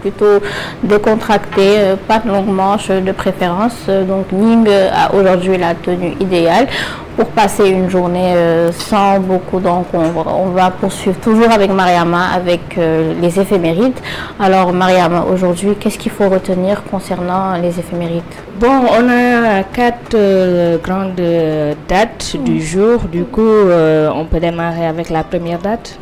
plutôt décontracté, euh, pas de longue manche de préférence. Euh, donc Ning euh, a aujourd'hui la tenue idéale pour passer une journée sans beaucoup d'encombre. On va poursuivre toujours avec Mariama, avec les éphémérides. Alors Mariama, aujourd'hui, qu'est-ce qu'il faut retenir concernant les éphémérides Bon, on a quatre grandes dates du mm. jour. Du coup, on peut démarrer avec la première date.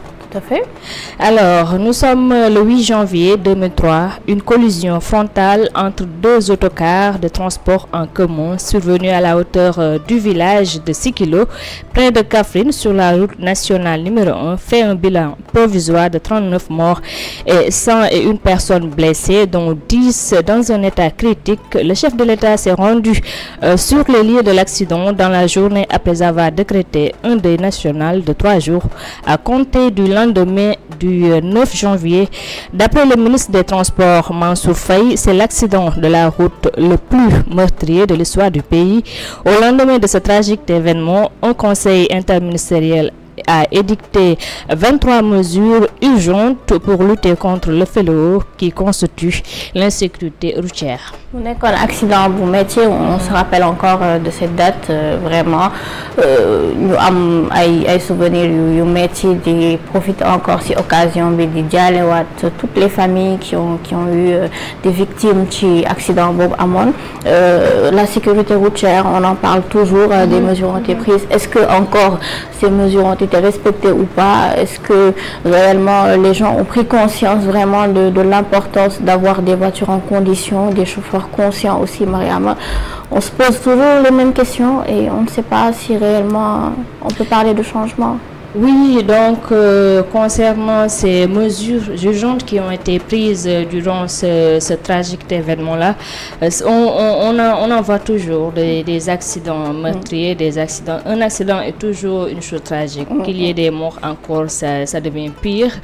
Alors, nous sommes le 8 janvier 2003. Une collision frontale entre deux autocars de transport en commun survenue à la hauteur euh, du village de Sikilo, près de Kafrine, sur la route nationale numéro 1, fait un bilan provisoire de 39 morts et 101 personnes blessées, dont 10 dans un état critique. Le chef de l'État s'est rendu euh, sur les lieux de l'accident dans la journée après avoir décrété un deuil national de trois jours à compter du lendemain lendemain du 9 euh, janvier. D'après le ministre des Transports, Mansour Faye, c'est l'accident de la route le plus meurtrier de l'histoire du pays. Au lendemain de ce tragique événement, un conseil interministériel a édicté 23 mesures urgentes pour lutter contre le fléau qui constitue l'insécurité routière est accident vous métier on se rappelle encore euh, de cette date euh, vraiment Nous euh, avons ay souvenirs métier profite encore si occasion bi di toutes les familles qui ont eu des victimes de accident à Amon. la sécurité routière on en parle toujours des mm-hmm. mesures ont été mm-hmm. prises est-ce que encore ces mesures ont été respectées ou pas est-ce que réellement les gens ont pris conscience vraiment de l'importance d'avoir des voitures en condition des chauffeurs conscient aussi, Mariama. On se pose toujours les mêmes questions et on ne sait pas si réellement on peut parler de changement. Oui, donc euh, concernant ces mesures urgentes qui ont été prises euh, durant ce, tragique événement-là, euh, on, on, en voit toujours des, accidents meurtriers, des accidents. Un accident est toujours une chose tragique. Mm-hmm. Qu'il y ait des morts encore, ça, devient pire.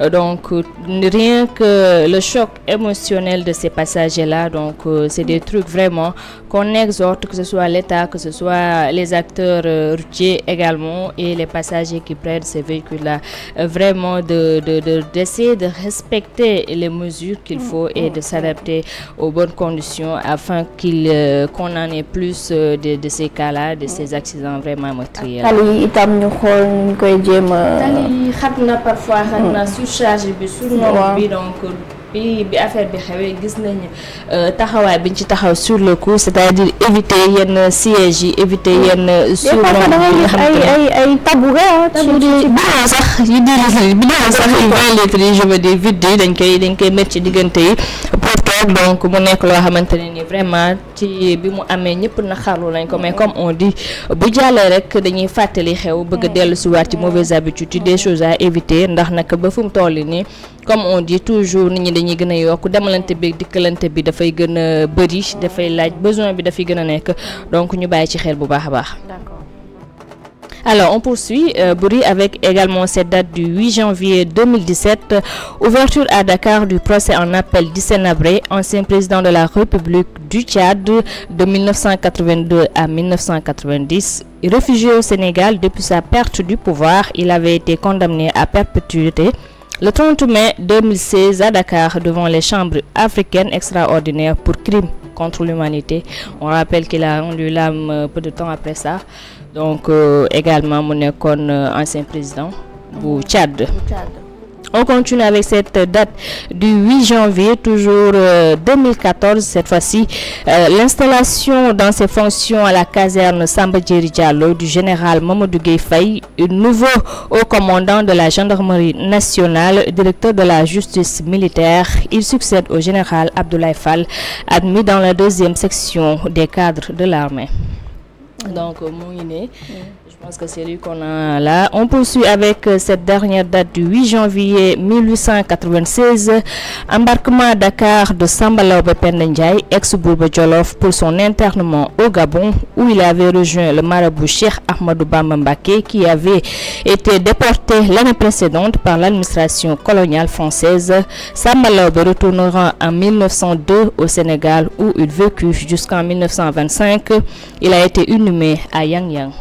Mm-hmm. donc rien que le choc émotionnel de ces passagers-là, donc c'est des mm-hmm. trucs vraiment qu'on exhorte, que ce soit l'État, que ce soit les acteurs routiers également et les passagers qui prennent ces véhicules-là, euh, vraiment d'essayer de, d'essayer de, respecter les mesures qu'il mm, faut et de mm. s'adapter aux bonnes conditions afin qu'il euh, qu'on en ait plus euh, de, ces cas-là, de mm. ces accidents vraiment meurtriers bi affaire bi xewé gis nañu euh, taxaway biñ ci taxaw sur le coup c'est-à-dire éviter yenn siège yi éviter yenn. surnom yi nga ay ay ay tabouret. tabouret bidon sax yi di bidon sax yi vingt litres yi je veux dire vide dañ koy dañ koy mettre ci diggante yi donc mu nek lo xamanteni ni vraiment ci bi mu amé amee na naxarlu lañ ko mais comme on dit bu jalé rek dañuy fàttali xew bëgg déllu ci si waat ci mauvaises habitudes des choses à éviter ndax nak ba fu mu toll nii comme on dit toujours nit ñi dañuy gëna a yokk demalante bi dikkalante bi da fay gëna bëri da fay laaj besoin bi da fay gëna nek donc ñu bay ci xel bu baax baax. d'accord. Alors, on poursuit euh, avec également cette date du 8 janvier 2017, ouverture à Dakar du procès en appel d'Issenabré, ancien président de la République du Tchad de 1982 à 1990. Réfugié au Sénégal depuis sa perte du pouvoir, il avait été condamné à perpétuité le 30 mai 2016 à Dakar devant les chambres africaines extraordinaires pour crimes contre l'humanité. On rappelle qu'il a rendu l'âme euh, peu de temps après ça donc euh, également mon euh, ancien président du Tchad. On continue avec cette date du 8 janvier, toujours 2014, euh, cette fois-ci. L'installation dans ses fonctions à la caserne Samba Diallo du général Mamadou Gueye nouveau haut commandant de la gendarmerie nationale, directeur de la justice militaire. Il succède au général Abdoulaye Fall, admis dans la deuxième section des cadres de l'armée. Donc, euh, Mouine je pense que c'est lui qu'on a là. On poursuit avec euh, cette dernière date du 8 janvier 1896. Embarquement à Dakar de Sambalob Pendendjaï, ex-Bourbe pour son internement au Gabon, où il avait rejoint le marabout Cheikh Ahmadou Mbake, qui avait été déporté l'année précédente par l'administration coloniale française. Sambalaube retournera en 1902 au Sénégal, où il vécut jusqu'en 1925. Il a été une anime Ayang Yang.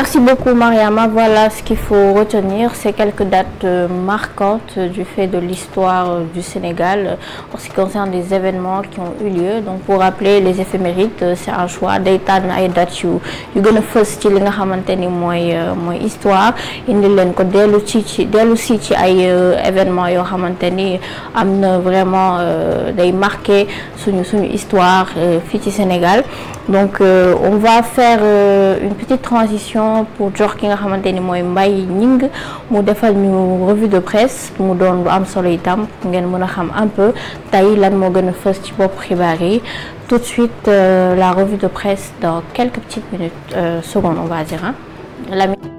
Merci beaucoup Mariama. Voilà ce qu'il faut retenir, c'est quelques dates euh, marquantes euh, du fait de l'histoire euh, du Sénégal en ce qui concerne les événements qui ont eu lieu. Donc pour rappeler les éphémérides, c'est un choix. d'Etan tànn ay nga histoire indi len ko événements yo xamanteni vraiment day suñu suñu histoire Sénégal. Donc on va faire une petite transition temps pour jox ki nga xamanteni moy mbay ning mu defal ñu revue de presse mu doon lu am solo itam pour ngeen mën xam un peu tay lan mo gëna fess ci bop xibaar yi tout de suite euh, la revue de presse dans quelques petites minutes euh, secondes on va dire hein. La...